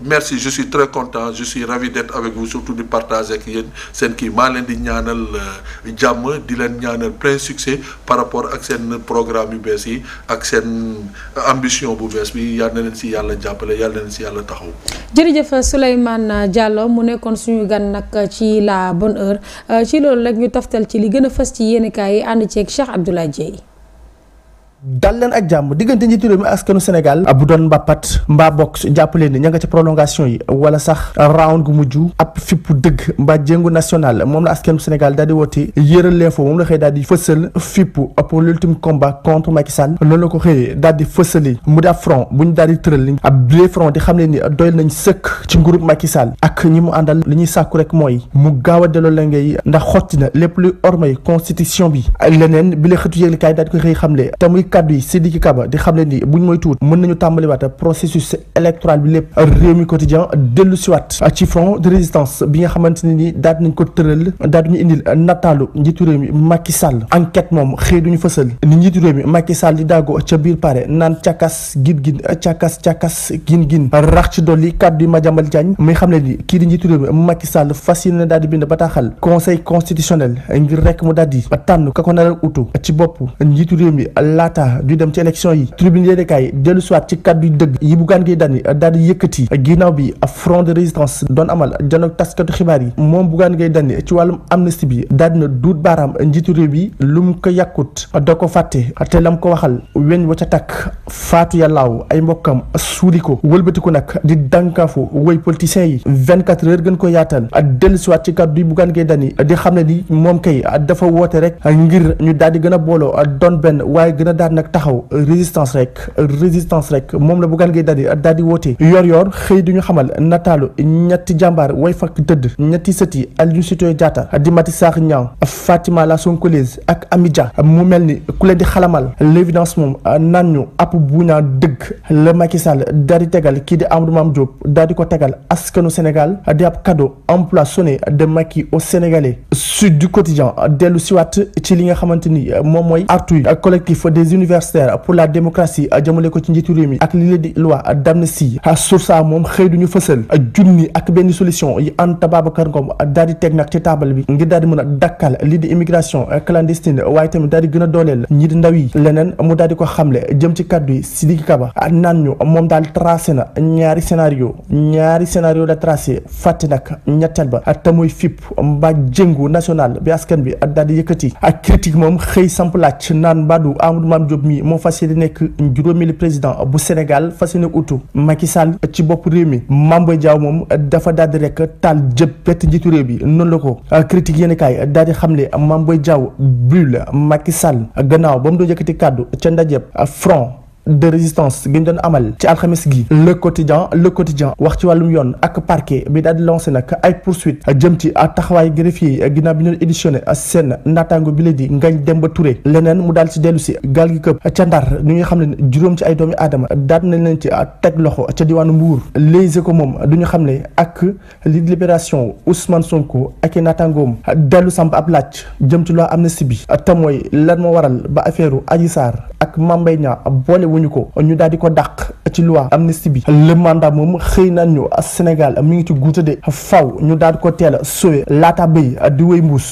merci je suis très content je suis ravi d'être avec vous surtout de partager avec yéen seen kii maa leen di ñaanal euh, jàmm di leen ñaanal plein succès par rapport ak seen programme yu bees yi euh, ambition bu bees bi na leen si yàlla jàppale yal na leen si yàlla taxaw. jërëjëf Souleymane Diallo mu nekkoon suñu gan nag euh, ci la bonne heure ci loolu rek ñu taftal ci li gën a fës ci yéenekaay yi ànd ceeg Cheikh Abdoulaye dal leen ak jàmm diggante njiitu réew mi askanu Sénégal bu doon mbàppat mbaa box jàpp leen ni ña nga ca prolongation yi wala sax round gu mujj ab fippu dëgg mbaa jéngu national moom la askanu Sénégal daal di woote yëral l'info moom la xëy daal di fësal fippu pour l'ultime combat contre Macky Sall loolu la ko xëyee daal di fësali mu di ab front bu ñu daal di tëral ab bile front di xam leen ni doyal nañ sëkk ci groupe Macky Sall ak ñi mu àndal li ñuy sàkku rek mooy mu gaaw a la ngay ndax xotti na lépp luy ormay constitution bi leneen bi kàddu yi Sidiki Kaba di xam leen ni buñ moy tuut mën nañu wat processus électoral bi lépp réew mi quotidien dellu siwaat ci front de résistance bi nga xamanteni ni daal nañ ko tëral daal duñu indil natalu njiitu réew mi Macky enquête moom xëy duñu fësal ni njiitu réew mi Macky Sall di daago ca biir pare naan càkkas gin gin càkkas càkkas gin gin rax ci dolli kàddu yi Madiambal ni kii di njiitu réew mi Macky Sall fas di bind conseil constitutionnel ngir rek mu daal di tànn ko utu ci bopp njiitu réew mi laata laata du dem ci élection yi tribune yéene kaay dellu soit ci kaddu dëgg yi Bougane Gueye Dany daal di yëkkati ginnaaw bi front de résistance doon amal janoog taskatu xibaar yi moom Bougane Gueye Dany ci wàllum amnistie bi daal duut baaraam njiitu réew bi lu mu ko yàkkut da ko fàtte te lam ko waxal weñ wa ca takk faatu yàllaaw ay mbokkam suuli ko wëlbatiku nag di dànkaafu woy politiciens yi vingt quatre heures gën ko yaatal dellu soit ci kaddu yi Bougane Gueye Dany di xam ne ni moom kay dafa woote rek ngir a booloo a daal taxaw résistance rek résistance rek mom la Bougane Gueye Dany daal di yor-yor xey du ñu xamal natalu ñetti jambar way fakk tëdd ñetti Fatima la Sonkolees ak amidja mu melni de ku leen di xalamal l'évidence mom nan ñu app bu deug le Macky Sall daal di tegal di Amadou Sénégal di app cadeau emploi sonné de Macky au Sénégalais Sud du Quotidien ci wat ci li nga collectif des universitaire pour la démocratie euh, a ko ci njiitu réew ak li di loi d'amnistie euh, sursa moom xëy duñu fësal euh, junni ak ben solution yi Anta Babacar Ngom daal di teg nag ci table bi ngir daal di mën di immigration clandestine way tam daal di gën a ñi di ndaw yi lenen mu daal di ko xamle jëm ci kàddu yi Sidiki Kaba naan ñu mom dal tracé na ñaari scénario ñaari scénario la tracé fàtte nag ñetteel ba te muy fip mbaa jëngu national bi askan bi daal di yëkëti ak critique moom xëy samp laaj nan badu Amadou Diop mii moo fas yéene nekk juróomeelu président bu Sénégal fas yéene utu Macky Sall ci bopp réew mi Mame Boye moom dafa daal di rek taal jëb bett njiitu réew bi noonu la ko critique yéen kaay daal di xamle Mame Boye Diao brûle Macky gannaaw ba mu doon yëkkati kàddu ca ndajeb front de résistance quotidien, amal ci alxamis gi le quotidien le quotidien wax ci walum yoon ak parquet bi daal lancé nak ay poursuite jëm ci taxawaay greffier ginnaaw bi ñu éditionné seen natango bi la di dem ba Touré leneen mu daal ci dellu si gi Aku, ca Ndar ci ay doomi Les ak libération Ousmane Sonko ak samp ab laaj jëm ci loi ba ak nanguwuñu ko ñu daal di ko dàq ci loi amnistie bi le mandat moom xëy nañu Sénégal mu ngi ci guuta de faw ñu daal ko teel a sowe laata béy di wéy mbuus